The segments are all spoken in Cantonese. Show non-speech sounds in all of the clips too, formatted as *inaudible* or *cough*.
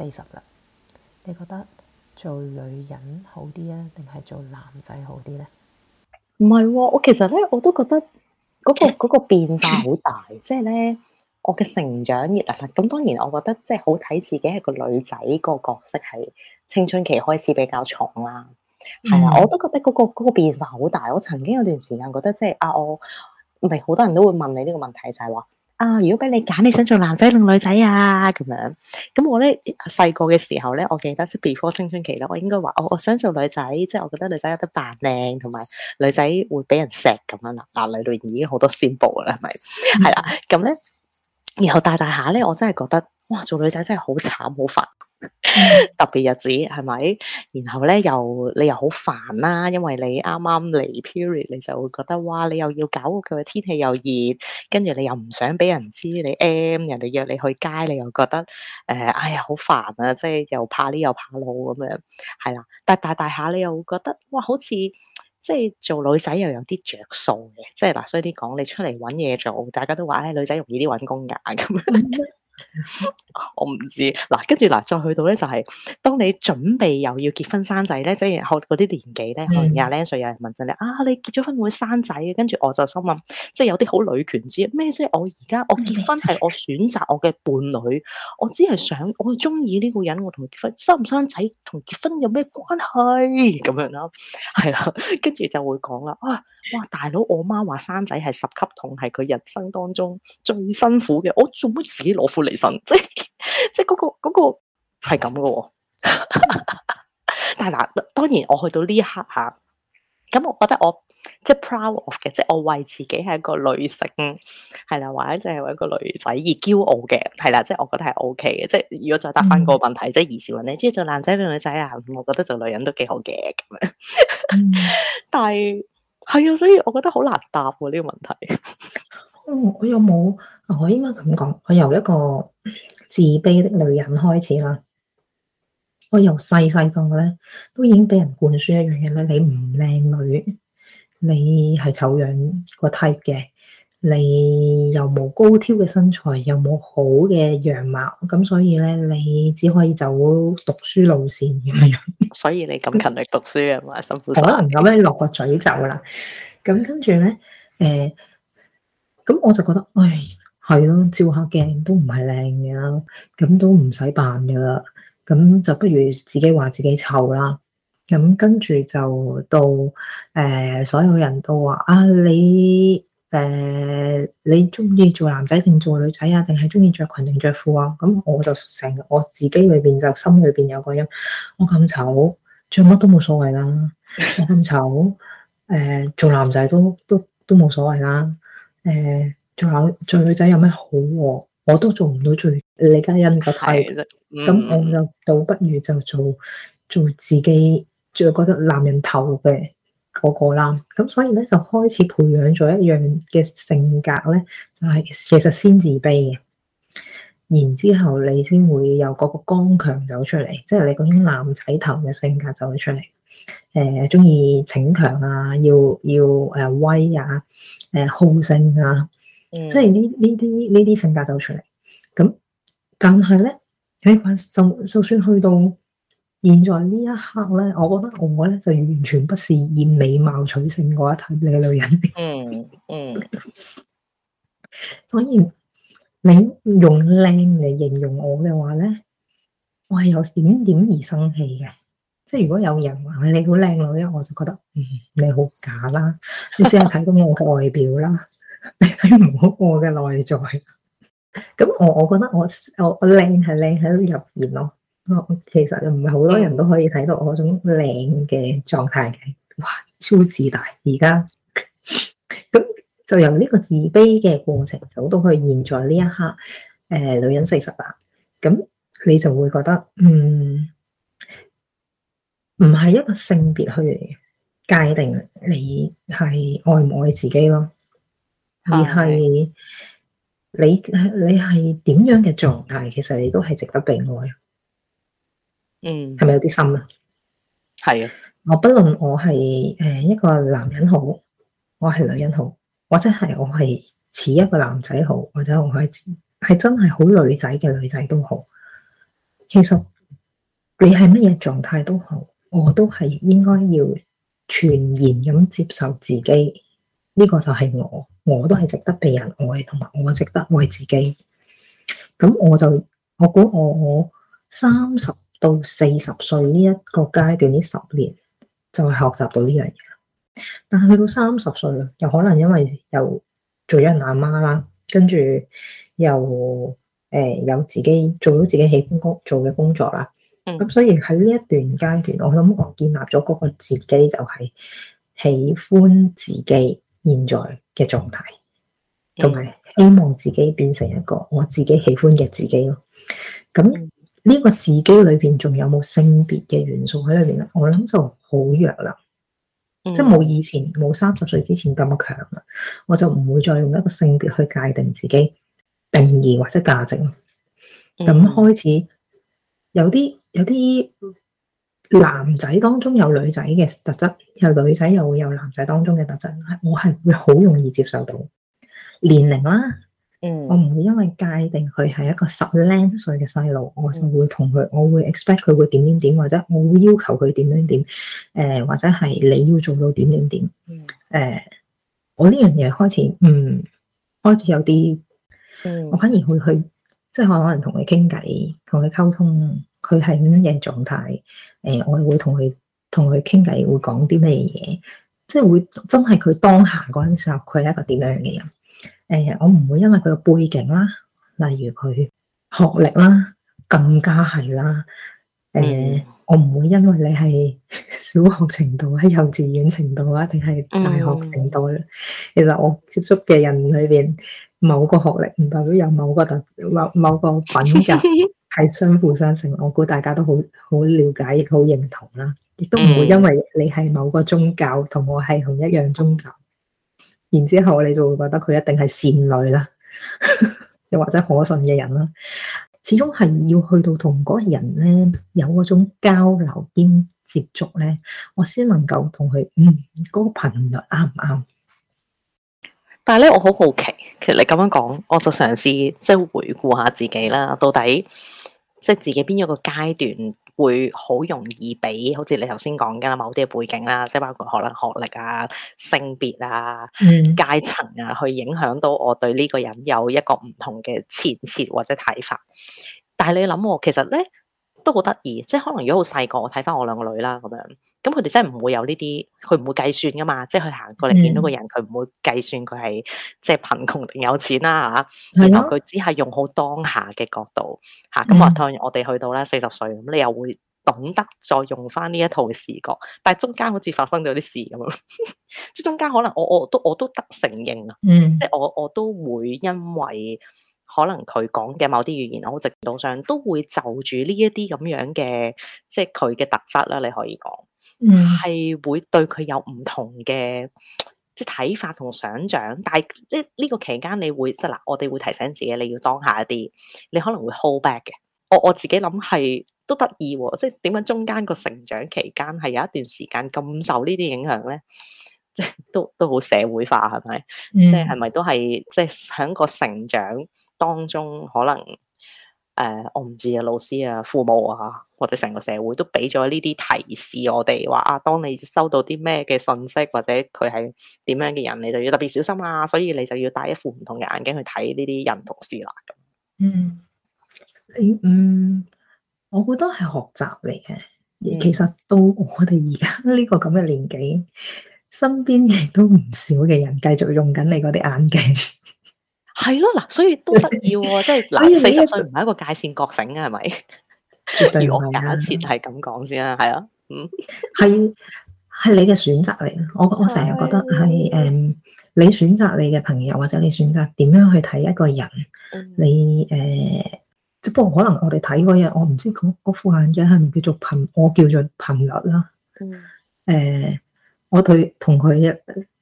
四十啦，你覺得做女人好啲啊，定係做男仔好啲咧？唔係喎，我其實咧，我都覺得嗰個嗰個變化好大，即係咧我嘅成長亦啊咁。當然，我覺得即係好睇自己係個女仔個角色係青春期開始比較重啦。係啊、嗯，我都覺得嗰個嗰個變化好大。我曾經有段時間覺得即係啊，我唔係好，多人都會問你呢個問題，就係話。啊、哦！如果俾你揀，你想做男仔定女仔啊？咁樣咁我咧細個嘅時候咧，我記得即係 before 青春期啦，我應該話我我想做女仔，即係我覺得女仔有得扮靚，同埋女仔會俾人錫咁樣啦。啊，女導已經好多先報啦，係咪？係啦、嗯，咁咧，然後大大下咧，我真係覺得哇，做女仔真係好慘好煩。 *laughs* 特別日子係咪？然後咧又你又好煩啦，啊，因為你啱啱嚟 period，你就會覺得哇，你又要搞佢，嘅天氣又熱，跟住你又唔想俾人知你 m，人哋約你去街，你又覺得誒、呃，哎呀好煩啊，即係又怕呢又怕路咁樣，係啦。但係大大下你又會覺得哇，好似即係做女仔又有啲着數嘅，即係嗱，所以啲講你出嚟搵嘢做，大家都話誒、哎，女仔容易啲搵工噶咁樣。 *laughs* *laughs* 我唔知嗱，跟住嗱，再去到咧就係、是、當你準備又要結婚生仔咧，即係學嗰啲年紀咧，可能廿零歲有人問緊你啊，你結咗婚會生仔嘅？跟住我就心諗，即係有啲好女權主義咩？即係我而家我結婚係我選擇我嘅伴侶，我只係想我中意呢個人，我同佢結婚生唔生仔同結婚有咩關係咁樣咯？係啦，跟住就會講啦，啊哇大佬，我媽話生仔係十級痛，係佢人生當中最辛苦嘅，我做乜自己攞苦嚟。即係即係、那、嗰個嗰、那個係咁噶喎。 *laughs* 但係嗱，當然我去到呢一刻吓，咁、啊、我覺得我即係 proud of 嘅，即係我為自己係一個女性，係啦，或者即係為一個女仔而驕傲嘅，係啦，即係我覺得係 O K 嘅。即係如果再答翻個問題，嗯、即係以前問你中意做男仔定女仔啊？我覺得做女人都幾好嘅。但係係啊，所以我覺得好難答呢、啊這個問題。哦、我有冇？我應該咁講，我由一個自卑的女人開始啦。我由細細個咧，都已經俾人灌輸一樣嘢咧，你唔靚女，你係醜樣個 type 嘅，你又冇高挑嘅身材，又冇好嘅樣貌，咁所以咧，你只可以走讀書路線咁樣。所以你咁勤力讀書嘅嘛， *laughs* 那辛苦。可能咁樣落個嘴咒啦。咁跟住咧，誒、呃，咁我就覺得，唉！係咯，照下鏡都唔係靚嘅啦，咁都唔使扮噶啦，咁就不如自己話自己醜啦。咁跟住就到誒、呃、所有人都話啊，你誒、呃、你中意做男仔定做女仔啊？定係中意着裙定着褲啊？咁我就成我自己裏邊就心裏邊有個音，我咁醜着乜都冇所謂啦。我咁醜誒、呃、做男仔都都都冇所謂啦。誒、呃。做女仔有咩好啊？我都做唔到最李嘉欣個 type，咁、嗯、我就倒不如就做做自己，最覺得男人頭嘅個個啦。咁所以咧，就開始培養咗一樣嘅性格咧，就係、是、其實先自卑嘅，然之後你先會有嗰個剛強走出嚟，即、就、係、是、你嗰種男仔頭嘅性格走出嚟。誒、呃，中意逞強啊，要要誒威啊，誒、呃、好勝啊。嗯、即係呢呢啲呢啲性格走出嚟，咁但係咧，誒，就就算去到現在呢一刻咧，我覺得我咧就完全不是以美貌取勝嘅話，睇你嘅女人。嗯嗯。所、嗯、以 *laughs* 你用靚嚟形容我嘅話咧，我係有點點而生氣嘅。即係如果有人話你好靚女，我就覺得，嗯，你好假啦，你只係睇到我嘅外表啦。 *laughs* 你睇唔好我嘅內在，咁 *laughs* 我我覺得我我我靚係靚喺入面咯，我靚靚 *laughs* 其實唔係好多人都可以睇到我種靚嘅狀態嘅，哇超自大而家，咁 *laughs* *laughs* 就由呢個自卑嘅過程走到去現在呢一刻，誒、呃、女人四十啦，咁你就會覺得，嗯，唔係一個性別去界定你係愛唔愛自己咯。而係你，你係點樣嘅狀態，其實你都係值得被愛。嗯，係咪有啲深啊？係啊的，我不論我係誒一個男人好，我係女人好，或者係我係似一個男仔好，或者我係係真係好女仔嘅女仔都好。其實你係乜嘢狀態都好，我都係應該要全然咁接受自己。呢、這個就係我。我都係值得被人愛，同埋我值得愛自己。咁我就我估我三十到四十歲呢一個階段呢十年就係學習到呢樣嘢。但係去到三十歲，又可能因為又做咗人阿媽啦，跟住又誒、呃、有自己做咗自己喜歡工做嘅工作啦。咁、嗯、所以喺呢一段階段，我諗我建立咗嗰個自己就係喜歡自己。現在嘅狀態，同埋希望自己變成一個我自己喜歡嘅自己咯。咁呢個自己裏邊仲有冇性別嘅元素喺裏邊咧？我諗就好弱啦，即係冇以前冇三十歲之前咁強啦。我就唔會再用一個性別去界定自己定義或者價值咯。咁開始有啲有啲。男仔當中有女仔嘅特質，有女仔又會有男仔當中嘅特質，我係會好容易接受到年齡啦。嗯，我唔會因為界定佢係一個十零歲嘅細路，我就會同佢，我會 expect 佢會點點點，或者我會要求佢點點點。誒、呃，或者係你要做到點點點。誒、呃，我呢樣嘢開始，嗯，開始有啲，我反而會去，即係可能同佢傾偈，同佢溝通。佢係咁樣嘅狀態？誒、呃，我會同佢同佢傾偈，會講啲咩嘢？即係會真係佢當下嗰陣時候，佢係一個點樣嘅人？誒、呃，我唔會因為佢嘅背景啦，例如佢學歷啦，更加係啦。誒、呃，mm. 我唔會因為你係小學程度、喺幼稚園程度啊，定係大學程度。其實我接觸嘅人裏邊，某個學歷唔代表有某個特或某個品格。 *laughs* 係相輔相成，我估大家都好好了解，亦好認同啦，亦都唔會因為你係某個宗教，同我係同一樣宗教，然之後你就會覺得佢一定係善女啦，又 *laughs* 或者可信嘅人啦。始終係要去到同嗰個人咧，有嗰種交流兼接觸咧，我先能夠同佢，嗯，嗰個頻率啱唔啱？但係咧，我好好奇，其實你咁樣講，我就嘗試即係回顧下自己啦，到底。即係自己邊一個階段會好容易俾，好似你頭先講嘅某啲嘅背景啦，即係包括可能學歷啊、性別啊、階層啊，去影響到我對呢個人有一個唔同嘅前設或者睇法。但係你諗我，其實咧。都好得意，即係可能如果好細個，我睇翻我兩個女啦，咁樣，咁佢哋真係唔會有呢啲，佢唔會計算㗎嘛，即係佢行過嚟見到個人，佢唔、嗯、會計算佢係即係貧窮定有錢啦吓，然後佢只係用好當下嘅角度吓，咁啊的，當然、嗯嗯、我哋去到咧四十歲，咁你又會懂得再用翻呢一套嘅視覺，但係中間好似發生咗啲事咁， *laughs* 即係中間可能我我都我都得承認啊，嗯即，即係我我都會因為。可能佢講嘅某啲語言，我直度上都會就住呢一啲咁樣嘅，即係佢嘅特質啦。你可以講，係、嗯、會對佢有唔同嘅即係睇法同想像。但係呢呢個期間，你會即係嗱，我哋會提醒自己你要當下一啲，你可能會 hold back 嘅。我我自己諗係都得意喎，即係點解中間個成長期間係有一段時間咁受響呢啲影響咧？即係都都好社會化係咪、嗯？即係係咪都係即係喺個成長？當中可能誒、呃，我唔知啊，老師啊，父母啊，或者成個社會都俾咗呢啲提示我哋，話啊，當你收到啲咩嘅信息，或者佢係點樣嘅人，你就要特別小心啦、啊。所以你就要戴一副唔同嘅眼鏡去睇呢啲人同事啦。咁，嗯，你嗯，我覺得係學習嚟嘅。嗯、其實到我哋而家呢個咁嘅年紀，身邊亦都唔少嘅人繼續用緊你嗰啲眼鏡。係咯，嗱，所以都得意喎，即係嗱，四十歲唔係一個界線覺醒啊，係咪？絕對 *laughs* 如果假設係咁講先啦，係啊，嗯，係係你嘅選擇嚟，我我成日覺得係誒的、嗯，你選擇你嘅朋友或者你選擇點樣去睇一個人，嗯、你誒，只、呃、不過可能我哋睇嗰日，我唔知嗰副眼鏡係咪叫做頻，我叫做頻率啦，誒、嗯呃，我對同佢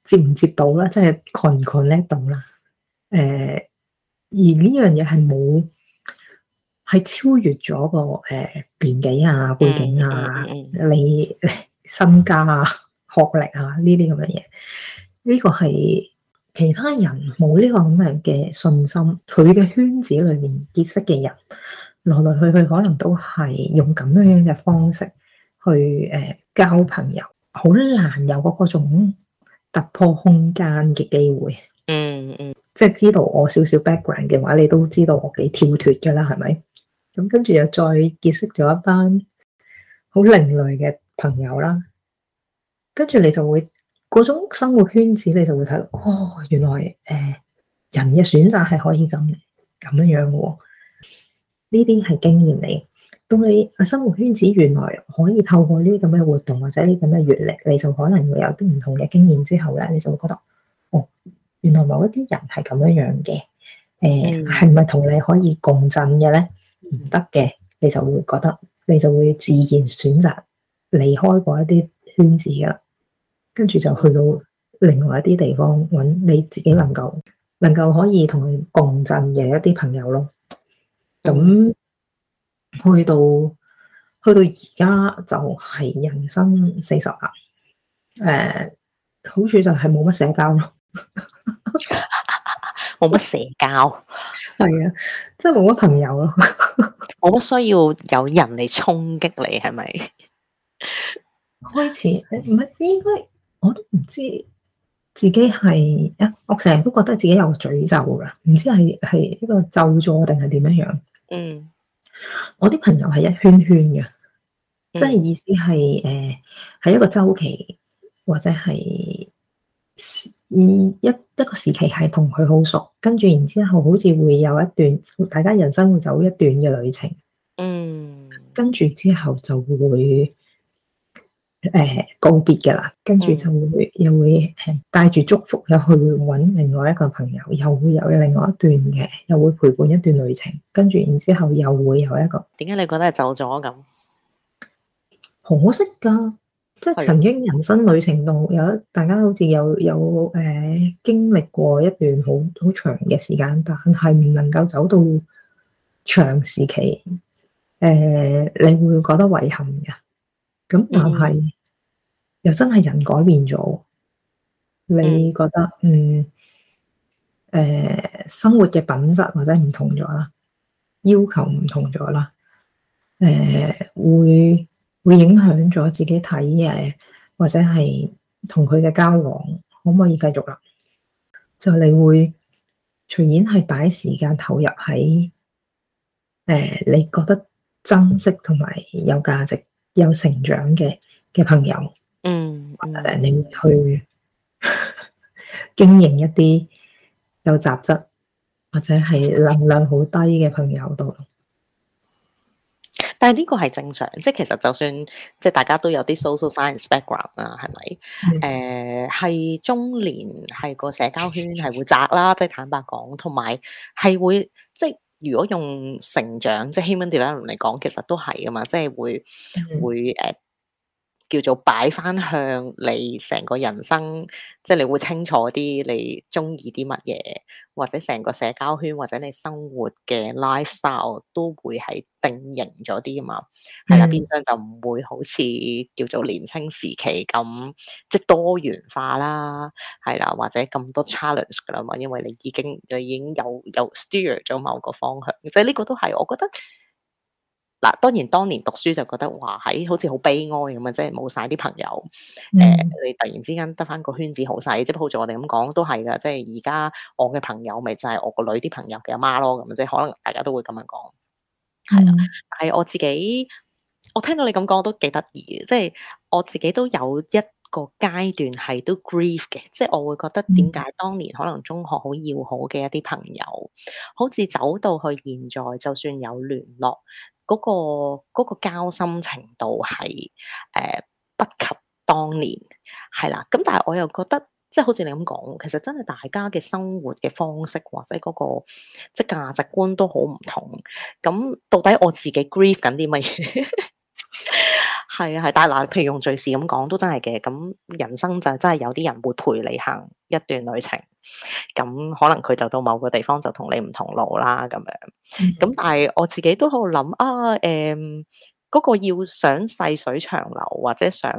接唔接到啦，即係蓋唔蓋得到啦。誒，而呢樣嘢係冇係超越咗個誒年紀啊、背景啊、嗯嗯、你身家啊、學歷啊呢啲咁嘅嘢。呢、這個係其他人冇呢個咁樣嘅信心，佢嘅圈子裏面結識嘅人，來來去去可能都係用咁樣樣嘅方式去誒、呃、交朋友，好難有嗰個種突破空間嘅機會。嗯嗯，即係知道我少少 background 嘅話，你都知道我幾跳脫噶啦，係咪？咁跟住又再結識咗一班好另類嘅朋友啦，跟住你就會嗰種生活圈子，你就會睇到哦，原來誒、呃、人嘅選擇係可以咁咁樣樣嘅。呢啲係經驗嚟，到你啊生活圈子原來可以透過呢啲咁嘅活動或者呢啲咁嘅閱歷，你就可能會有啲唔同嘅經驗之後咧，你就會覺得。原來某一啲人係咁樣樣嘅，誒、呃，係咪同你可以共振嘅咧？唔得嘅，你就會覺得，你就會自然選擇離開嗰一啲圈子㗎，跟住就去到另外一啲地方搵你自己能夠能夠可以同佢共振嘅一啲朋友咯。咁去到去到而家就係人生四十啦，誒、呃，好處就係冇乜社交咯。冇乜 *laughs* 社交，係啊， *laughs* 即係冇乜朋友咯。 *laughs* 我唔需要有人嚟衝擊你，係咪？ *laughs* 開始唔係應該我都唔知自己係，我成日都覺得自己有詛咒噶唔知係係呢個咒咗定係點樣樣？嗯，我啲朋友係一圈圈嘅，嗯、即係意思係誒，係、呃、一個周期或者係。二、嗯、一一個時期係同佢好熟，跟住然之後好似會有一段大家人生會走一段嘅旅程。嗯，跟住之後就會誒、呃、告別噶啦，跟住就會、嗯、又會誒帶住祝福又去揾另外一個朋友，又會有另外一段嘅，又會陪伴一段旅程。跟住然之後又會有一個，點解你覺得係走咗咁？可惜噶。即係曾經人生旅程度有大家，好似有有誒、呃、經歷過一段好好長嘅時間，但係唔能夠走到長時期，誒、呃、你會覺得遺憾嘅。咁但係又真係人改變咗，你覺得嗯誒、呃、生活嘅品質或者唔同咗啦，要求唔同咗啦，誒、呃、會。會影響咗自己睇嘢，或者係同佢嘅交往，可唔可以繼續啦？就你會隨然係擺時間投入喺誒、呃、你覺得珍惜同埋有價值、有成長嘅嘅朋友，嗯誒，嗯或者你會去 *laughs* 經營一啲有雜質或者係能量好低嘅朋友度。但係呢個係正常，即係其實就算即係大家都有啲 social science background 啦，係咪？誒係、嗯呃、中年係個社交圈係會窄啦，即係坦白講，同埋係會即係如果用成長即係 human development 嚟講，其實都係㗎嘛，即係會、嗯、會誒。呃叫做擺翻向你成個人生，即係你會清楚啲，你中意啲乜嘢，或者成個社交圈或者你生活嘅 lifestyle 都會係定型咗啲啊嘛，係啦，嗯，變相就唔會好似叫做年輕時期咁即多元化啦，係啦，或者咁多 challenge 噶啦嘛，因為你已經就已經有有 steer 咗某個方向，即係呢個都係，我覺得。嗱，當然當年讀書就覺得哇，喺、哎、好似好悲哀咁啊！即係冇晒啲朋友，誒、嗯，你、呃、突然之間得翻個圈子好細，即係好似我哋咁講都係噶。即係而家我嘅朋友咪就係我個女啲朋友嘅阿媽咯，咁即係可能大家都會咁樣講。係、嗯、但係我自己，我聽到你咁講我都幾得意。即係我自己都有一個階段係都 grief 嘅，即係我會覺得點解當年可能中學好要好嘅一啲朋友，好似走到去現在就算有聯絡。嗰個嗰個交心程度係誒、呃、不及當年係啦，咁但係我又覺得即係好似你咁講，其實真係大家嘅生活嘅方式或者嗰個即係價值觀都好唔同，咁到底我自己 grieve 緊啲乜嘢？係啊係，大係嗱，譬如用敘事咁講都真係嘅，咁人生就真係有啲人會陪你行。一段旅程，咁可能佢就到某個地方就同你唔同路啦，咁樣。咁、mm hmm. 但係我自己都喺度諗啊，誒、嗯，嗰、嗰個要想細水長流或者想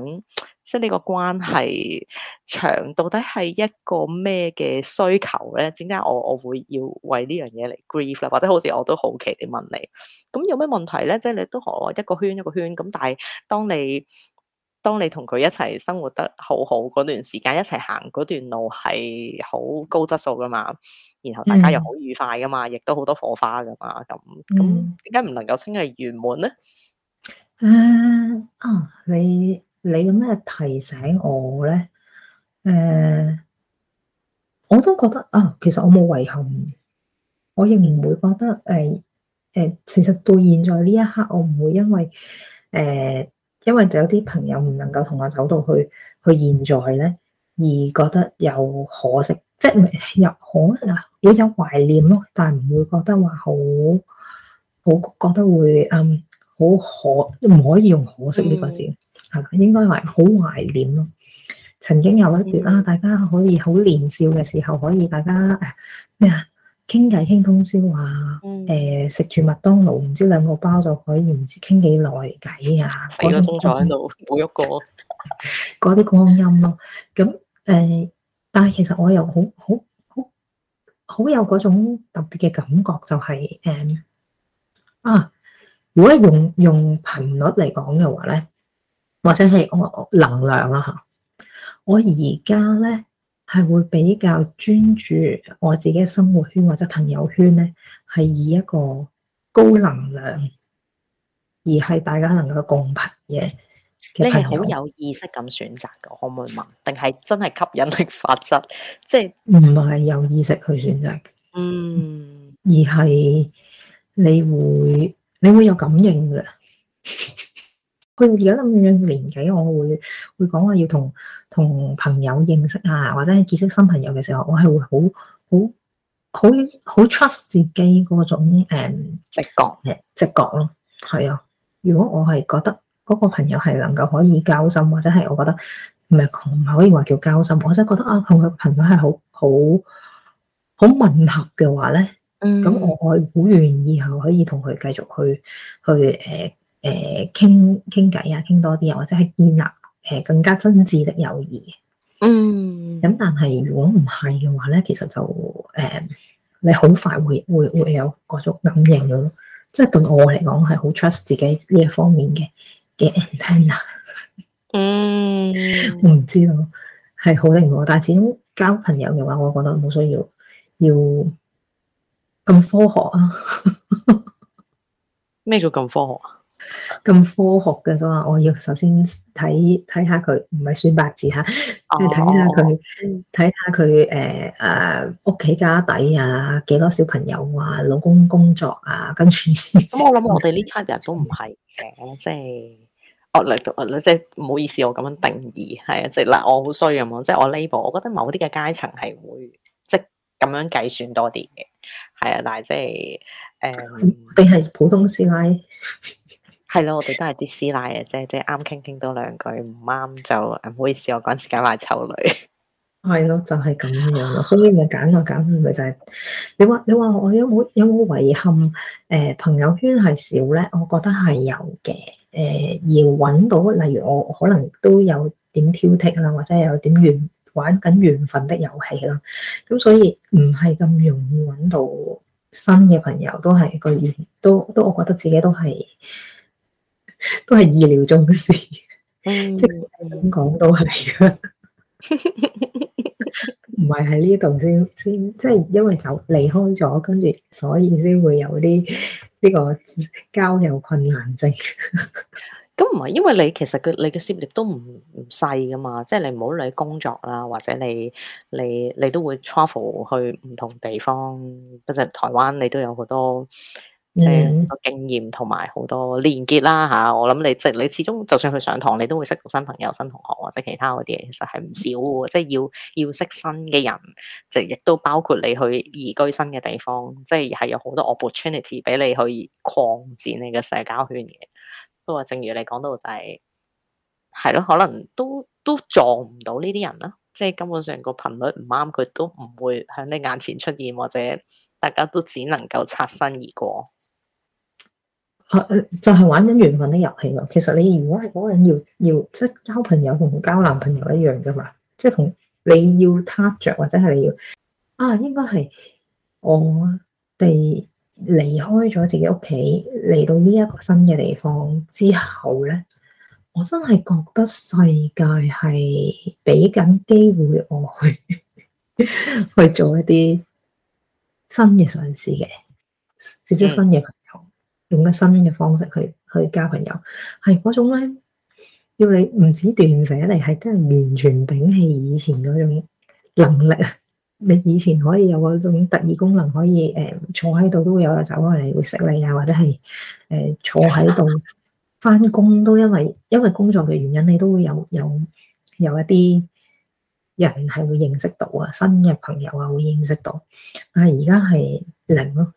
即係呢個關係長，到底係一個咩嘅需求咧？點解我我會要為呢樣嘢嚟 grief 咧？或者好似我都好奇地問你，咁有咩問題咧？即係你都一個圈一個圈咁，但係當你。當你同佢一齊生活得好好，嗰段時間，一齊行嗰段路係好高質素噶嘛，然後大家又好愉快噶嘛，嗯、亦都好多火花噶嘛，咁咁，點解唔能夠稱係圓滿咧？誒、嗯，啊，你你有咩提醒我咧？誒、啊，我都覺得啊，其實我冇遺憾，我亦唔會覺得誒誒、啊，其實到現在呢一刻，我唔會因為誒。啊因為有啲朋友唔能夠同我走到去，去現在咧，而覺得有可惜，即係有可惜啊，亦有懷念咯，但係唔會覺得話好，好覺得會嗯好可，唔可以用可惜呢個字啊、嗯，應該係好懷念咯。曾經有一段啦、嗯啊，大家可以好年少嘅時候，可以大家誒咩啊？傾偈傾通宵啊！誒食住麥當勞，唔知兩個包就可以唔知傾幾耐偈啊！四個鐘坐喺度冇喐過，嗰啲些 *laughs* 光陰咯。咁誒、呃，但係其實我又好好好好有嗰種特別嘅感覺、就係，就係誒啊！如果用用頻率嚟講嘅話咧，或者係我能量啦嚇，我而家咧，係會比較專注我自己嘅生活圈或者朋友圈咧，係以一個高能量，而係大家能夠共頻嘅。你係好有意識咁選擇㗎，可唔可以問？定係真係吸引力法則，即係唔係有意識去選擇？嗯，而係你會你會有感應嘅。 *laughs* 佢而家咁樣年紀，我會會講話要同同朋友認識啊，或者係結識新朋友嘅時候，我係會好好好好 trust 自己嗰種、um, 直覺誒直覺咯。係啊，如果我係覺得嗰個朋友係能夠可以交心，或者係我覺得唔係唔可以話叫交心，我真係覺得啊，同、那、佢、個、朋友係好好好吻合嘅話咧，嗯，咁我好願意係可以同佢繼續去去誒。呃誒，傾傾偈啊，傾多啲啊，或者係建立誒、呃、更加真摯的友誼。嗯。咁但係如果唔係嘅話咧，其實就誒、呃，你好快會會會，會有嗰種感應嘅咯。即係對我嚟講係好 trust 自己呢一方面嘅嘅 partner。 *laughs* 嗯、我唔知道，係好定唔好。但係始終交朋友嘅話，我覺得冇需要要咁科學啊。咩 *laughs* 叫咁科學啊？咁科學嘅，所以我要首先睇睇下佢，唔係算八字吓，即係睇下佢，睇下佢誒誒，屋企、呃、家，家底啊，幾多小朋友啊，老公工作啊，跟住咁。嗯、 *laughs* 我諗我哋呢七日都唔係嘅，即係我嚟到，即係唔好意思，我咁樣定義係啊，即係嗱，我好衰咁咯，即係我呢部，我覺得某啲嘅階層係會即係咁樣計算多啲嘅，係啊，但係即係誒，定、嗯、係普通師奶。係咯， *noise* 我哋都係啲師奶啊，即係即係啱傾傾多兩句，唔啱就唔好意思。我趕時間話醜女係咯，就係、是、咁樣咯。所以咪揀就揀、是，咪就係你話你話我有冇有冇遺憾？誒、欸，朋友圈係少咧，我覺得係有嘅。誒、欸、而搵到，例如我可能都有點挑剔啦，或者有點緣玩緊緣分的遊戲啦。咁所以唔係咁容易搵到新嘅朋友，都係個緣都都，我覺得自己都係。都係意料中事，嗯、即係點講都係啊，唔係喺呢度先先，即係因為就離開咗，跟住所以先會有啲呢、呢個交友困難症。咁唔係，因為你其實佢你嘅涉獵都唔唔細㗎嘛，即、就、係、是、你唔好理工作啦，或者你你你都會 travel 去唔同地方，不實台灣你都有好多。即係好多經驗同埋好多連結啦吓、啊，我諗你即你始終就算去上堂，你都會識到新朋友、新同學或者其他嗰啲嘢，其實係唔少嘅。即係要要識新嘅人，即亦都包括你去移居新嘅地方，即係係有好多 opportunity 俾你去擴展你嘅社交圈嘅。都話正如你講到就係、係，係咯，可能都都撞唔到呢啲人啦。即係根本上個頻率唔啱，佢都唔會喺你眼前出現或者。大家都只能夠擦身而過，啊、就係玩緊緣分的遊戲咯。其實你如果係嗰個人要，要要即係交朋友同交男朋友一樣噶嘛，即係同你要踏着或者係你要啊，應該係我哋離開咗自己屋企嚟到呢一個新嘅地方之後咧，我真係覺得世界係俾緊機會我去 *laughs* 去做一啲。新嘅嘗試嘅，接觸新嘅朋友，用一新嘅方式去去交朋友，係嗰種咧，要你唔止斷捨離，係真係完全摒棄以前嗰種能力。你以前可以有嗰種特異功能，可以誒、呃、坐喺度都會有走手嚟會識你啊，或者係誒、呃、坐喺度翻工都因為因為工作嘅原因，你都會有有有一啲。人係會認識到啊，新嘅朋友啊會認識到，但係而家係零咯。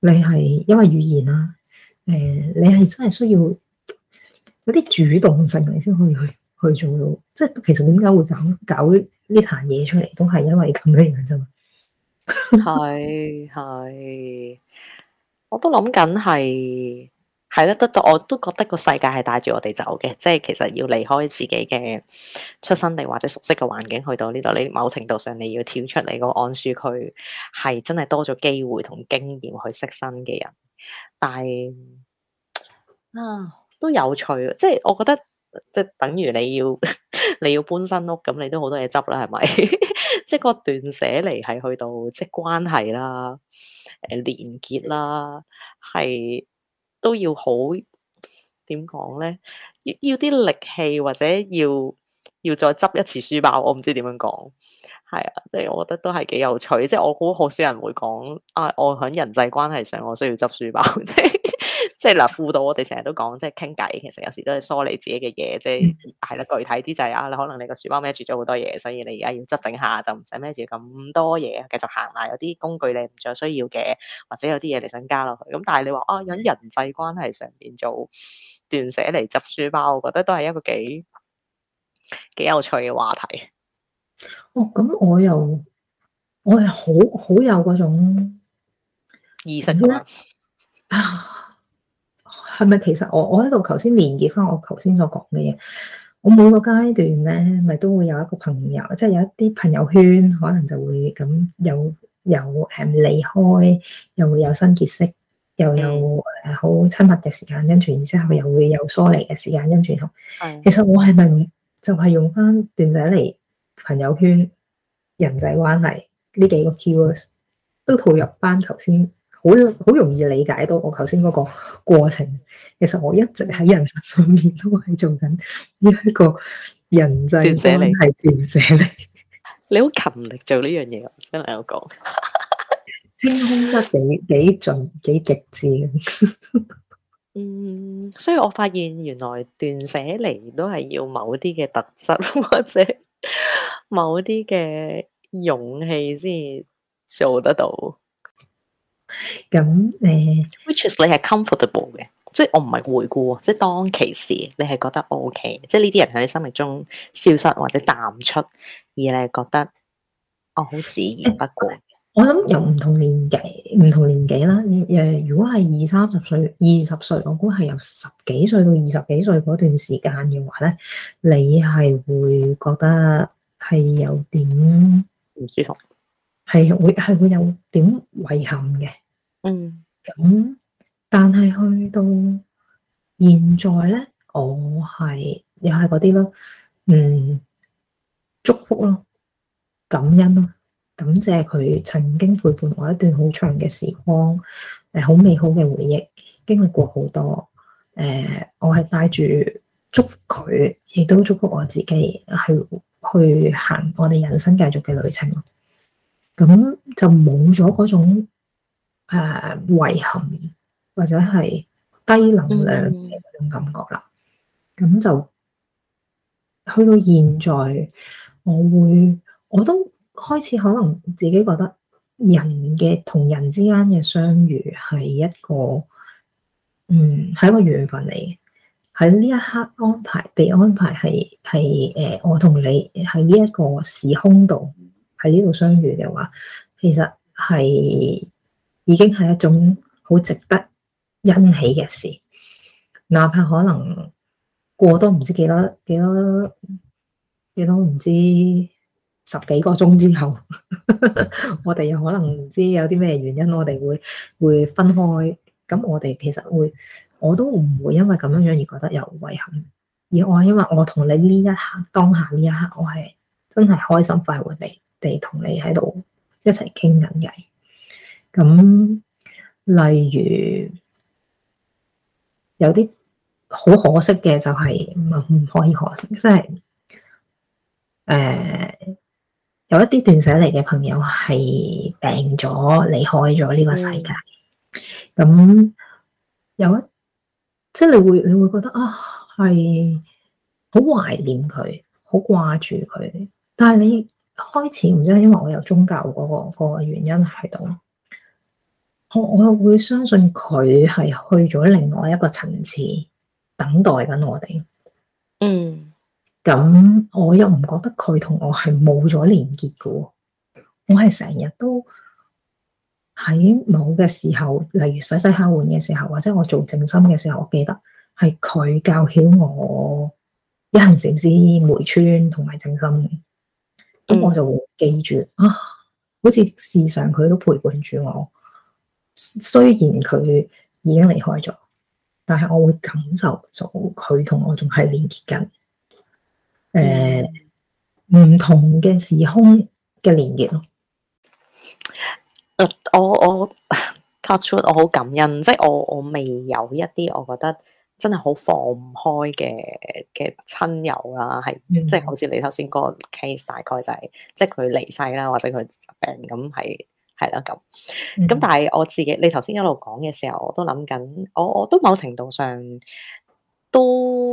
你係因為語言啊，誒，你係真係需要有啲主動性，你先可以去去做到。即係其實點解會搞搞呢壇嘢出嚟，都係因為咁樣樣啫嘛。係係，我都諗緊係。係啦，得到我都覺得個世界係帶住我哋走嘅，即係其實要離開自己嘅出生地或者熟悉嘅環境去到呢度，你某程度上你要跳出你個安舒區，係真係多咗機會同經驗去識新嘅人。但係啊，都有趣，即係我覺得即係等於你要 *laughs* 你要搬新屋，咁你都好多嘢執 *laughs* 啦，係咪？即係個斷捨離係去到即係關係啦，誒連結啦，係。都要好，點講咧？要要啲力氣或者要要再執一次書包，我唔知點樣講，係啊，即係我覺得都係幾有趣，即係我估好少人會講啊，我喺人際關係上我需要執書包，即 *laughs* 即係嗱，輔導我哋成日都講，即係傾偈。其實有時都係梳你自己嘅嘢，嗯、即係係啦。具體啲就係、是、啊，你可能你個書包孭住咗好多嘢，所以你而家要執整下，就唔使孭住咁多嘢。繼續行啊，有啲工具你唔再需要嘅，或者有啲嘢你想加落去。咁但係你話啊，喺人際關係上邊做斷捨離執書包，我覺得都係一個幾幾有趣嘅話題。哦，咁我又我係好好有嗰種二神係咪其實我我喺度頭先連結翻我頭先所講嘅嘢，我每個階段咧咪都會有一個朋友，即係有一啲朋友圈，可能就會咁有有誒離開，又會有新結識，又有誒好親密嘅時間跟住，然之後又會有疏離嘅時間跟住。其實我係咪就係用翻段仔嚟朋友圈、人際關係呢幾個 keywords 都套入班頭先？好好容易理解到我頭先嗰個過程。其實我一直喺人生上面都係做緊呢一個人際斷捨離，係斷捨離。 *laughs* 你好勤力做呢樣嘢，先嚟我講，清 *laughs* 空一幾幾盡幾極致。 *laughs* 嗯，所以我發現原來斷捨離都係要某啲嘅特質或者某啲嘅勇氣先做得到。咁誒、呃，which is 你係 comfortable 嘅，即係我唔係回顧，即係當其時你係覺得 OK，即係呢啲人喺你生命中消失或者淡出，而你係覺得我好自然不過。我諗由唔同年紀，唔同年紀啦，誒，如果係二三十歲、二十歲，我估係由十幾歲到二十幾歲嗰段時間嘅話咧，你係會覺得係有點唔舒服，係會係會有點遺憾嘅。嗯，咁但係去到現在呢，我係又係嗰啲咯，嗯，祝福咯，感恩咯，感謝佢曾經陪伴我一段好長嘅時光，誒，好美好嘅回憶，經歷過好多，誒、呃，我係帶住祝福佢，亦都祝福我自己去，去去行我哋人生繼續嘅旅程咯，咁就冇咗嗰種。誒，遺、呃、憾，或者係低能量嘅嗰種感覺啦，咁、嗯、就去到現在，我會我都開始可能自己覺得人嘅同人之間嘅相遇係一個，嗯，係一個緣分嚟嘅。喺呢一刻安排，被安排係係誒，我同你喺呢一個時空度，喺呢度相遇嘅話，其實係。已經係一種好值得欣喜嘅事，哪怕可能過多唔知幾多幾多幾多唔知十幾個鐘之後， *laughs* 我哋又可能唔知有啲咩原因，我哋會會分開。咁我哋其實會，我都唔會因為咁樣樣而覺得有遺憾。而我因為我同你呢一刻當下呢一刻，我係真係開心快活地地同你喺度一齊傾緊偈。咁，例如有啲好可惜嘅就係、是、唔可以可惜，即係誒、呃，有一啲斷捨離嘅朋友係病咗離開咗呢個世界，咁、嗯、有一即係你會你會覺得啊，係好懷念佢，好掛住佢，但係你開始唔知係因為我有宗教嗰、嗰個、嗰個原因喺度。我又會相信佢係去咗另外一個層次等待緊我哋。嗯，咁我又唔覺得佢同我係冇咗連結嘅。我係成日都喺某嘅時候，例如洗洗下碗嘅時候，或者我做正心嘅時候，我記得係佢教曉我一行禪師梅村同埋正心，咁我就會記住、嗯、啊，好似時常佢都陪伴住我。雖然佢已經離開咗，但係我會感受到佢同我仲係連結緊，誒，唔同嘅時空嘅連結咯、uh,。我我 touch 我好感恩，即係我我未有一啲，我覺得真係好放唔開嘅嘅親友啦，係、mm hmm. 即係好似你頭先個 case，大概就係、是、即係佢離世啦，或者佢疾病咁係。係啦，咁咁，但係我自己，你頭先一路講嘅時候，我都諗緊，我我都某程度上都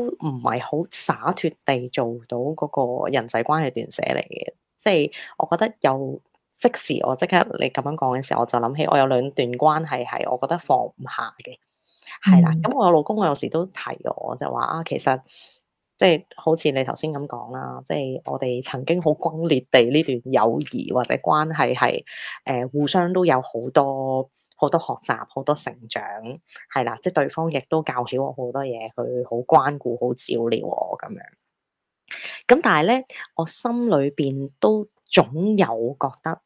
唔係好灑脫地做到嗰個人際關係斷捨離嘅。即係我覺得有即時，我即刻你咁樣講嘅時候，我就諗起我有兩段關係係，我覺得放唔下嘅。係啦係啦，咁我老公我有時都提我，就話啊，其實。即係好似你頭先咁講啦，即係我哋曾經好分烈轟地呢段友誼或者關係係，誒、呃、互相都有好多好多學習，好多成長，係啦，即係對方亦都教起我好多嘢，佢好關顧，好照料我咁樣。咁但係咧，我心裏邊都總有覺得，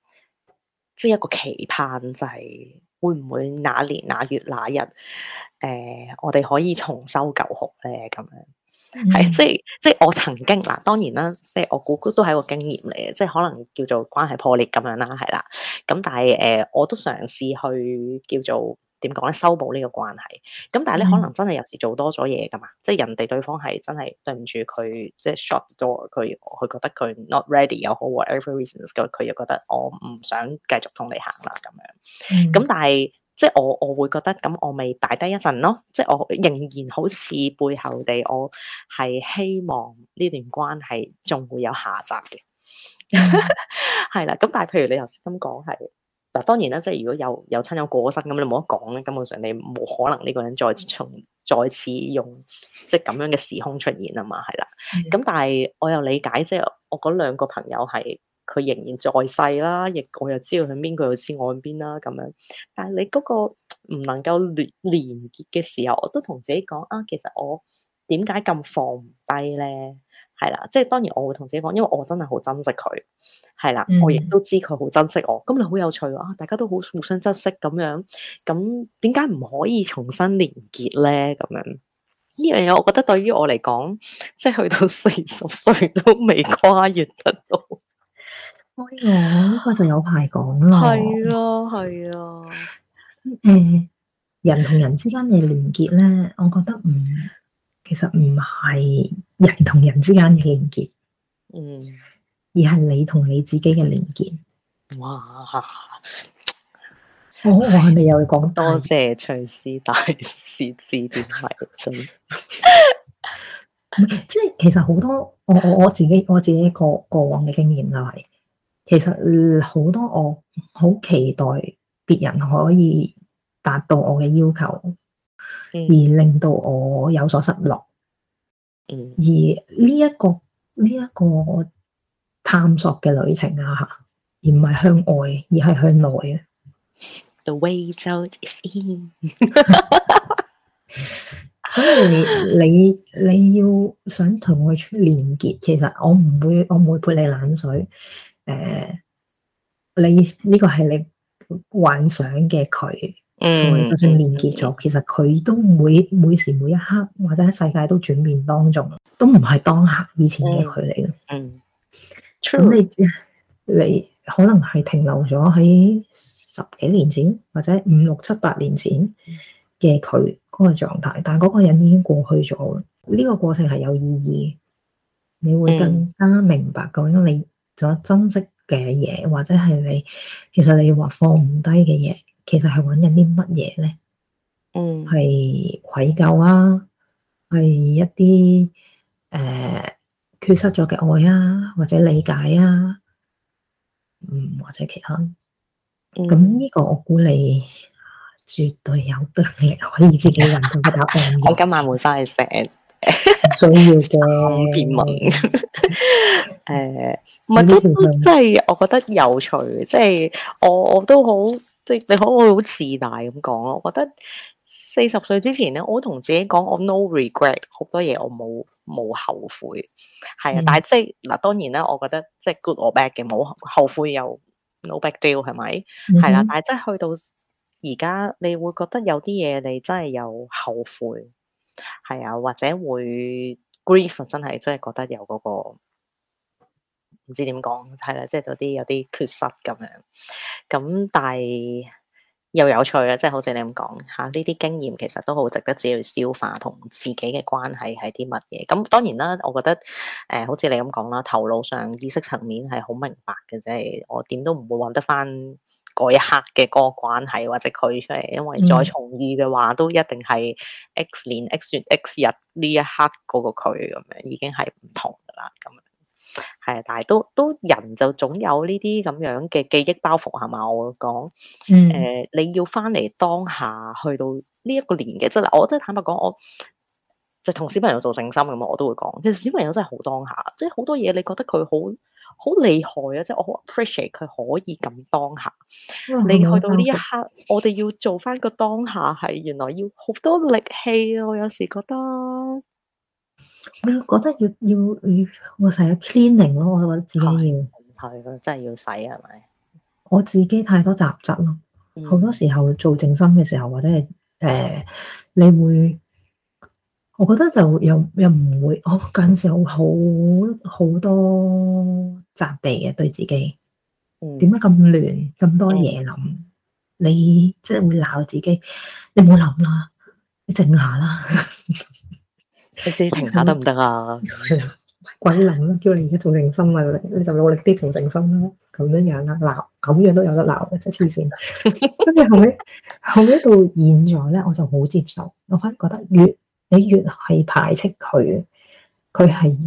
即係一個期盼就係、是。會唔會哪年哪月哪日？誒、呃，我哋可以重修舊好咧，咁樣係， *noise* 即係即係我曾經嗱，當然啦，即係我估都係個經驗嚟嘅，即係可能叫做關係破裂咁樣啦，係啦，咁但係誒、呃，我都嘗試去叫做。點講咧，修補呢個關係咁，但係咧可能真係有時做多咗嘢噶嘛，mm hmm. 即係人哋對方係真係對唔住佢，即係 short 咗佢，佢覺得佢 not ready 又好，whatever reasons，佢又覺得我唔想繼續同你行啦咁樣。咁、mm hmm. 但係即係我我會覺得咁，我咪大低一陣咯，即係我仍然好似背後地，我係希望呢段關係仲會有下集嘅係啦。咁 *laughs* 但係譬如你頭先咁講係。嗱當然啦，即係如果有有親友過身咁，你冇得講咧，根本上你冇可能呢個人再從再次用即係咁樣嘅時空出現啊嘛，係啦。咁、mm hmm. 但係我又理解，即係我嗰兩個朋友係佢仍然在世啦，亦我又知道佢邊個又知我邊啦咁樣。但係你嗰個唔能夠聯連，連結嘅時候，我都同自己講啊，其實我點解咁放唔低咧？係啦，即係當然我會同自己講，因為我真係好珍惜佢。係啦，嗯、我亦都知佢好珍惜我。咁咪好有趣啊！大家都好互相珍惜咁樣，咁點解唔可以重新連結咧？咁樣呢樣嘢，我覺得對於我嚟講，即係去到四十歲都未跨越得到。哦、哎，咁就有排講啦。係咯，係啊。誒、呃，人同人之間嘅連結咧，我覺得唔～其實唔係人同人之間嘅連結，嗯，而係你同你自己嘅連結。哇！我我你又講多謝長師大師指點迷津，即係 *laughs* 其實好多我我我自己我自己過過往嘅經驗就係、是，其實好多我好期待別人可以達到我嘅要求。而令到我有所失落，嗯、而呢、這、一個呢一、這個探索嘅旅程啊，而唔係向外，而係向內啊。所以你你，你要想同佢連結，其實我唔會，我唔會潑你冷水。誒、uh，你、這、呢個係你幻想嘅佢。嗯，就算連結咗，其實佢都每每時每一刻，或者世界都轉變當中，都唔係當下以前嘅佢嚟嘅。嗯，出嚟你，你可能係停留咗喺十幾年前，或者五六七八年前嘅佢嗰個狀態，但係嗰個人已經過去咗呢、呢個過程係有意義，你會更加明白究竟你所珍惜嘅嘢，或者係你其實你話放唔低嘅嘢。其實係揾緊啲乜嘢咧？嗯，係愧疚啊，係一啲誒、呃、缺失咗嘅愛啊，或者理解啊，嗯，或者其他。咁呢、嗯、個我估你絕對有得，你可以自己人去答。 *laughs* 我今晚會翻去寫。 *laughs* 想要嘅，變篇文，誒、 *laughs* 呃，唔係都即係，我覺得有趣，即係我我都好，即係你好，我好自大咁講咯。我覺得四十歲之前咧，我同自己講，我 no regret，好多嘢我冇冇後悔，係啊。嗯、但係即係嗱，當然啦，我覺得即係 good or bad 嘅，冇後悔又 no big deal 係咪？係啦、嗯，但係即係去到而家，你會覺得有啲嘢你真係有後悔。係啊，或者會 grief，真係真係覺得有嗰個唔知點講，係啦，即係嗰啲有啲缺失咁樣。咁但係又有趣啊，即係好似你咁講吓，呢啲經驗其實都好值得自己消化，同自己嘅關係係啲乜嘢。咁當然啦，我覺得誒，好似你咁講啦，頭腦上意識層面係好明白嘅，即係我點都唔會搵得翻。嗰一刻嘅嗰個關係或者佢出嚟，因為再重遇嘅話，都一定係 X 年 *noise* X 月 X, X 日呢一刻嗰個佢咁樣，已經係唔同噶啦。咁樣係啊，但係都都人就總有呢啲咁樣嘅記憶包袱係嘛？我講誒、 *noise* 呃，你要翻嚟當下去到呢一個年嘅，真係，我真係坦白講，我就同小朋友做性心咁啊，我都會講。其實小朋友真係好當下，即係好多嘢，你覺得佢好。好厲害啊！即係我好 appreciate 佢可以咁當下，你去、嗯、到呢一刻，嗯、我哋要做翻個當下係原來要好多力氣啊！我有時覺得，你覺得要要要，我成日 cleaning 咯，我覺得自己要係啊，嗯、真係要洗係咪？我自己太多雜質咯，好、嗯、多時候做靜心嘅時候或者係誒、呃，你會我覺得就有又又唔會哦，我近時我好好多。責備嘅對自己，點解咁亂咁多嘢諗？你即係會鬧自己，你唔好諗啦，你靜下啦。你自己停下得唔得啊？鬼諗啦！叫你而家靜心啊！你你就努力啲靜心啦。咁樣樣啦，鬧咁樣都有得鬧嘅，真係黐線。跟住後尾，後尾到現在咧，我就冇接受。我反而覺得越你越係排斥佢，佢係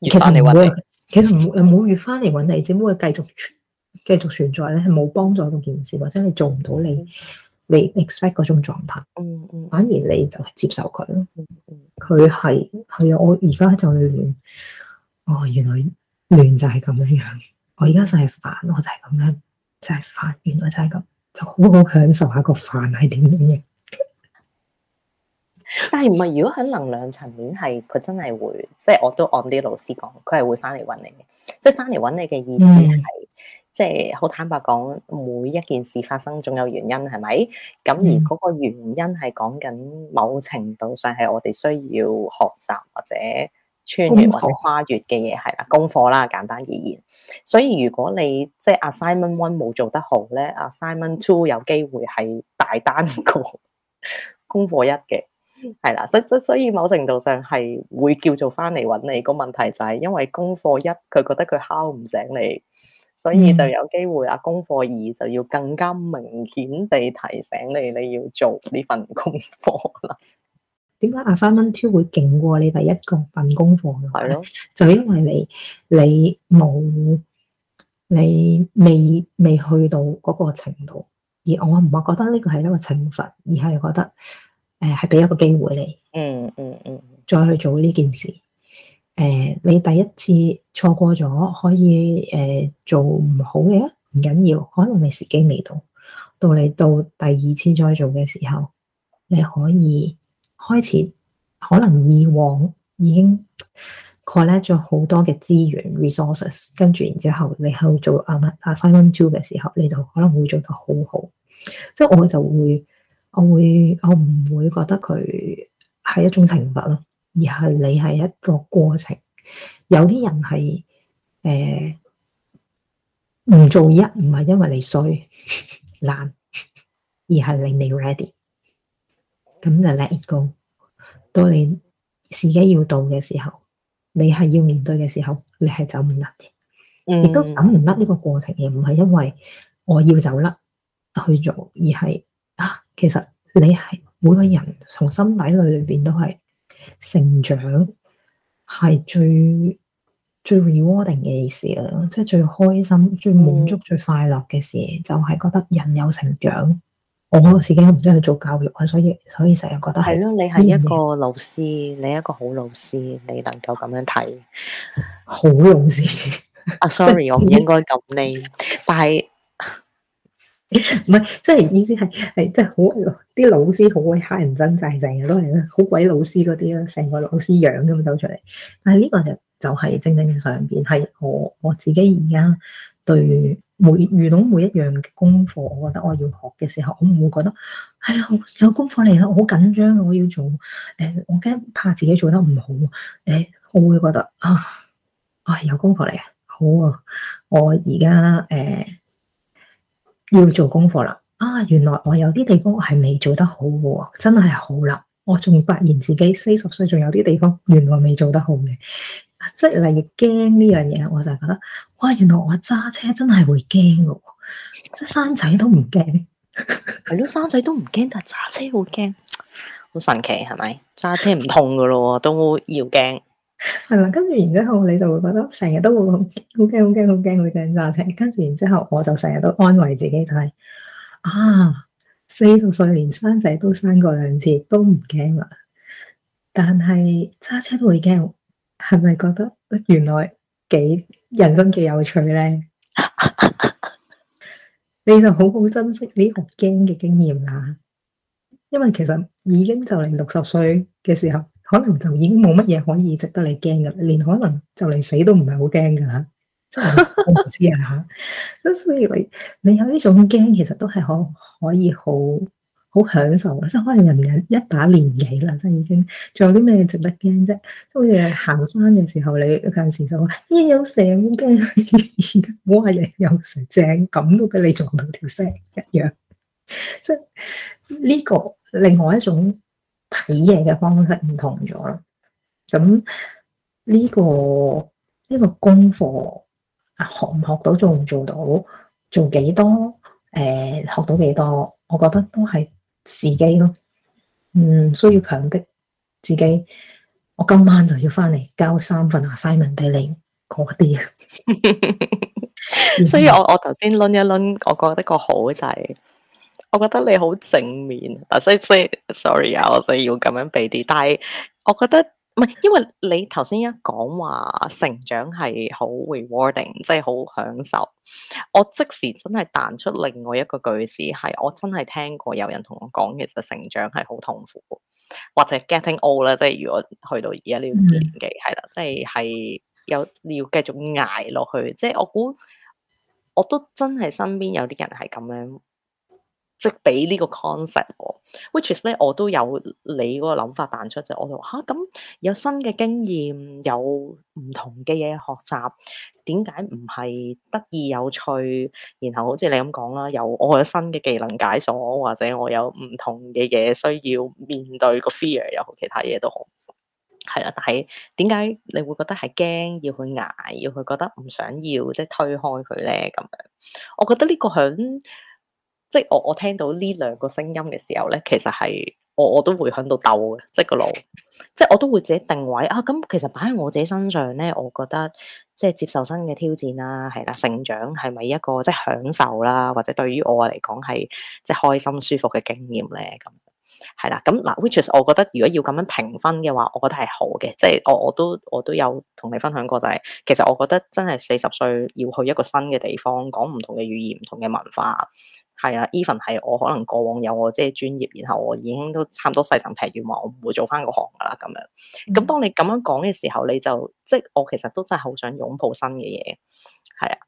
其實唔會。其實冇冇月翻嚟揾你，只冇繼續存繼續存在咧，係冇幫助到件事，或者你做唔到你、嗯、你 expect 嗰種狀態。嗯嗯，反而你就係接受佢，佢係係啊！我而家就亂，哦，原來亂就係咁樣。我而家就係煩，我就係咁樣，就係、是、煩。原來就係咁，就好好享受下個煩係點樣嘅。但係，唔係？如果喺能量層面係，佢真係會，即係我都按啲老師講，佢係會翻嚟揾你嘅。即係翻嚟揾你嘅意思係，即係好坦白講，每一件事發生總有原因係咪？咁而嗰個原因係講緊某程度上係我哋需要學習或者穿越或者跨越嘅嘢係啦，功課啦簡單而言。所以如果你即係 assignment one 冇做得好咧，assignment two 有機會係大單過 *laughs* 功課一嘅。係啦，所所以某程度上係會叫做翻嚟揾你個問題就係因為功課一佢覺得佢敲唔醒你，所以就有機會啊，功課二就要更加明顯地提醒你，你要做呢份功課啦。點解阿三蚊 two 會勁過你第一個份功課嘅？係咯的，就因為你你冇你未未去到嗰個程度，而我唔係覺得呢個係一個懲罰，而係覺得。誒係俾一個機會你，嗯嗯嗯，再去做呢件事。誒，你第一次錯過咗，可以誒做唔好嘅，唔緊要，可能你時機未到。到你到第二次再做嘅時候，你可以開始，可能以往已經 collect 咗好多嘅資源 resources，跟住然之後你去做 assignment two 嘅時候，你就可能會做得好好。即係我就會。我會，我唔會覺得佢係一種懲罰咯，而係你係一個過程。有啲人係誒唔做一，唔係因為你衰懶，而係你未 ready。咁就 let it go，到你時機要到嘅時候，你係要面對嘅時候，你係走唔甩嘅。嗯，亦都走唔甩呢個過程，亦唔係因為我要走甩去做，而係。其實你係每個人從心底裏裏邊都係成長，係最最 rewarding 嘅意思啊，即係最開心、最滿足、最快樂嘅事，嗯、就係覺得人有成長。我自己都唔知去做教育啊，所以所以成日覺得係咯，你係一個老師，嗯、你一個好老師，你能夠咁樣睇，好老師。啊，sorry，我唔應該咁你，但係。唔係，即係 *laughs* 意思係係，即係好啲老師好鬼乞人憎，淨係成日都係啦，好鬼老師嗰啲啦，成個老師樣咁走出嚟。但係呢個就就係正正上邊，係我我自己而家對每遇到每一樣功課，我覺得我要學嘅時候，我唔會覺得哎呀有功課嚟啦，我好緊張，我要做誒、呃，我驚怕，怕自己做得唔好誒、呃，我會覺得啊，啊、哎、有功課嚟啊，好啊，我而家誒。呃要做功課啦！啊，原來我有啲地方係未做得好嘅，真係好啦！我仲發現自己四十歲仲有啲地方原來未做得好嘅，即係例如驚呢樣嘢，我就覺得哇，原來我揸車真係會驚嘅，即係生仔都唔驚，係 *laughs* 咯，生仔都唔驚，但係揸車好驚，好神奇係咪？揸車唔痛㗎咯， *laughs* 都要驚。係啦，跟住、嗯、然之後你就會覺得成日都會好驚、好驚、好驚、好驚揸車。跟住然之後，我就成日都安慰自己就係、是，啊四十歲連生仔都生過兩次，都唔驚啦。但係揸車都會驚，係咪覺得原來幾人生幾有趣咧？ *laughs* 你就好好珍惜呢個驚嘅經驗啦，因為其實已經就嚟六十歲嘅時候。可能就已經冇乜嘢可以值得你驚㗎喇，連可能就嚟死都唔係好驚㗎喇，真係唔知呀吓。咁 *laughs* 所以你有呢種驚，其實都係可可以好好享受嘅，即係可能人人一把年紀啦，即係已經，仲有啲咩值得驚啫？即好似行山嘅時候，你嗰陣時就話：咦，有蛇要驚，冇話人有蛇正，咁都俾你撞到條蛇一樣。即係呢、這個另外一種。睇嘢嘅方式唔同咗啦，咁呢、呢個呢、呢個功課學唔學到，做唔做到，做幾多誒、呃、學到幾多，我覺得都係時機咯，唔、嗯、需要強迫自己，我今晚就要翻嚟，交三份 assignment 俾你嗰啲啊， *laughs* *laughs* 所以我我頭先掄一掄，我覺得個好就係、是。我覺得你好正面，但係即係，sorry 啊，我真係要咁樣俾啲。但係我覺得唔係，因為你頭先一講話成長係好 rewarding，即係好享受。我即時真係彈出另外一個句子，係我真係聽過有人同我講，其實成長係好痛苦，或者 getting old 啦，即係如果去到而家呢個年紀係啦，即係係有要繼續挨落去。即係我估，我都真係身邊有啲人係咁樣。即俾呢個 concept，which is 咧，我都有你嗰個諗法彈出就，我就話嚇咁有新嘅經驗，有唔同嘅嘢學習，點解唔係得意有趣？然後好似你咁講啦，有我有新嘅技能解鎖，或者我有唔同嘅嘢需要面對個 fear，又好，其他嘢都好，係啦。但係點解你會覺得係驚要去捱，要去覺得唔想要即係推開佢咧？咁樣，我覺得呢個響。即係我我聽到呢兩個聲音嘅時候咧，其實係我我都會響度鬥嘅，即係個腦，即係我都會自己定位啊。咁其實擺喺我自己身上咧，我覺得即係接受新嘅挑戰啦，係啦，成長係咪一個即係享受啦，或者對於我嚟講係即係開心舒服嘅經驗咧？咁係啦。咁嗱，which is，我覺得如果要咁樣評分嘅話，我覺得係好嘅。即係我我都我都有同你分享過，就是，就係其實我覺得真係四十歲要去一個新嘅地方，講唔同嘅語言，唔同嘅文化。係啊，even 係我可能過往有我即係專業，然後我已經都差唔多細陣疲倦話，我唔會做翻個行噶啦咁樣。咁當你咁樣講嘅時候，你就即係我其實都真係好想擁抱新嘅嘢，係啊。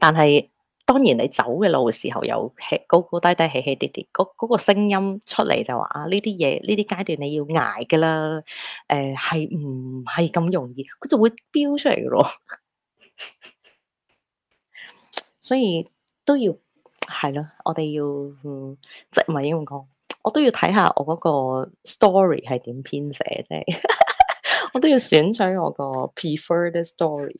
但係當然你走嘅路嘅時候，有高高低低，起起跌跌。嗰嗰個聲音出嚟就話啊，呢啲嘢，呢啲階段你要捱噶啦。誒係唔係咁容易？佢就會飆出嚟咯。 *laughs* 所以都要。係咯，我哋要、嗯、即唔係應該咁講，我都要睇下我嗰個 story 係點編寫，啫。 *laughs* 我都要選取我個 prefer 的 story。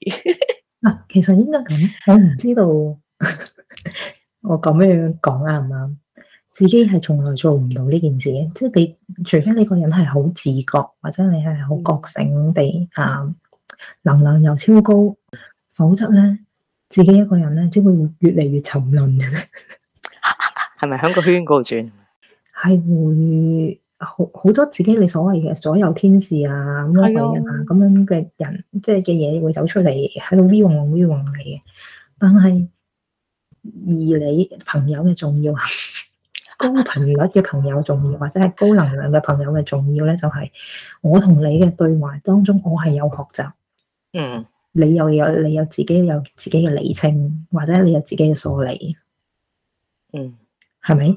*laughs* 啊，其實應該咁，我唔知道 *laughs* 我講咩講啱唔啱？自己係從來做唔到呢件事嘅，即係你除非你個人係好自覺，或者你係好覺醒地、嗯、啊，能量又超高，否則咧。自己一個人咧，只會越嚟越沉淪嘅。係咪喺個圈度轉？係 *laughs* 會好好多自己你所謂嘅所有天使啊咁、啊、樣嘅人，即係嘅嘢會走出嚟喺度 v 晃晃 v 晃嚟嘅。但係而你朋友嘅重要性，高頻率嘅朋友重要，或者係高能量嘅朋友嘅重要咧，就係、是、我同你嘅對話當中，我係有學習。嗯。你又有你有自己有自己嘅理清，或者你有自己嘅疏理，嗯，係咪？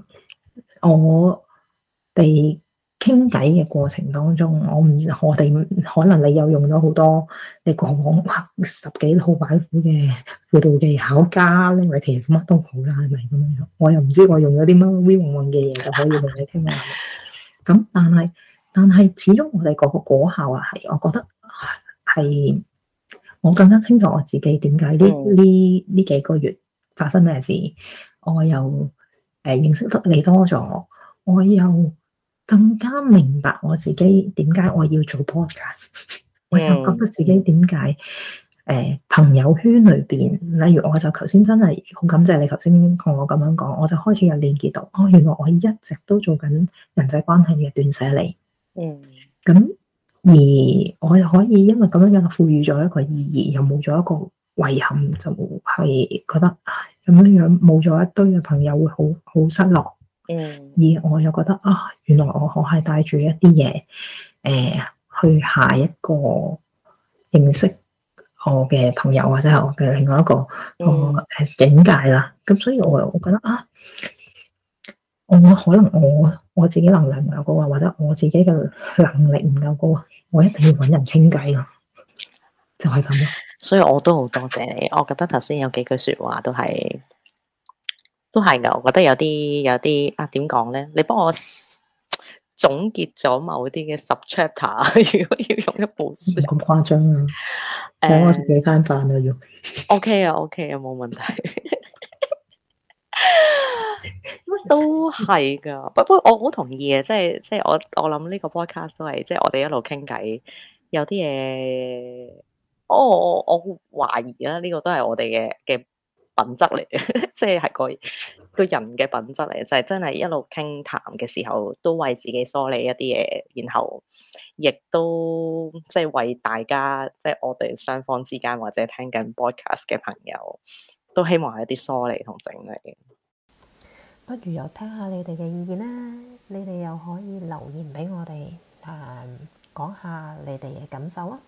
我哋傾偈嘅過程當中，我唔我哋可能你又用咗好多你過往十幾套擺苦嘅輔導技巧加呢個題乜都好啦，係咪咁樣？我又唔知我用咗啲乜暈暈嘅嘢就可以同你傾下。 *laughs* 咁但係但係，始終我哋嗰個果效啊，係我覺得係。我更加清楚我自己點解呢呢呢幾個月發生咩事，我又誒、呃、認識得你多咗，我又更加明白我自己點解我要做 podcast、嗯、我又覺得自己點解誒朋友圈裏邊，例如我就頭先真係好感謝你頭先同我咁樣講，我就開始有連結到，哦，原來我一直都做緊人際關係嘅斷捨離，嗯，咁。而我又可以，因為咁樣樣賦予咗一個意義，又冇咗一個遺憾，就係覺得咁樣樣冇咗一堆嘅朋友會好好失落。嗯，而我又覺得啊，原來我可係帶住一啲嘢，誒、呃，去下一個認識我嘅朋友或者係我嘅另外一個個誒、嗯呃、境界啦。咁所以我又覺得啊，我可能我我自己能量唔夠高啊，或者我自己嘅能力唔夠高啊。我一定要搵人傾偈咯，就係咁咯。所以我都好多謝你。我覺得頭先有幾句說話都係，都係嘅。我覺得有啲有啲啊，點講咧？你幫我總結咗某啲嘅 subject，如果要用一部書咁誇張啊，請我食幾餐飯啊、um, 要 OK 啊，OK 啊，冇問題。 *laughs* *laughs* 都係噶，不過我好同意嘅，即係即係我我諗呢個 broadcast 都係，即係我哋一路傾偈，有啲嘢、哦，我我我懷疑啦，呢、這個都係我哋嘅嘅品質嚟嘅，即係係、那個個人嘅品質嚟，嘅。就係、是、真係一路傾談嘅時候，都為自己梳理一啲嘢，然後亦都即係為大家，即係我哋雙方之間或者聽緊 broadcast 嘅朋友。都希望係一啲梳理同整理。不如又聽下你哋嘅意見啦，你哋又可以留言畀我哋，誒、嗯、講下你哋嘅感受啊。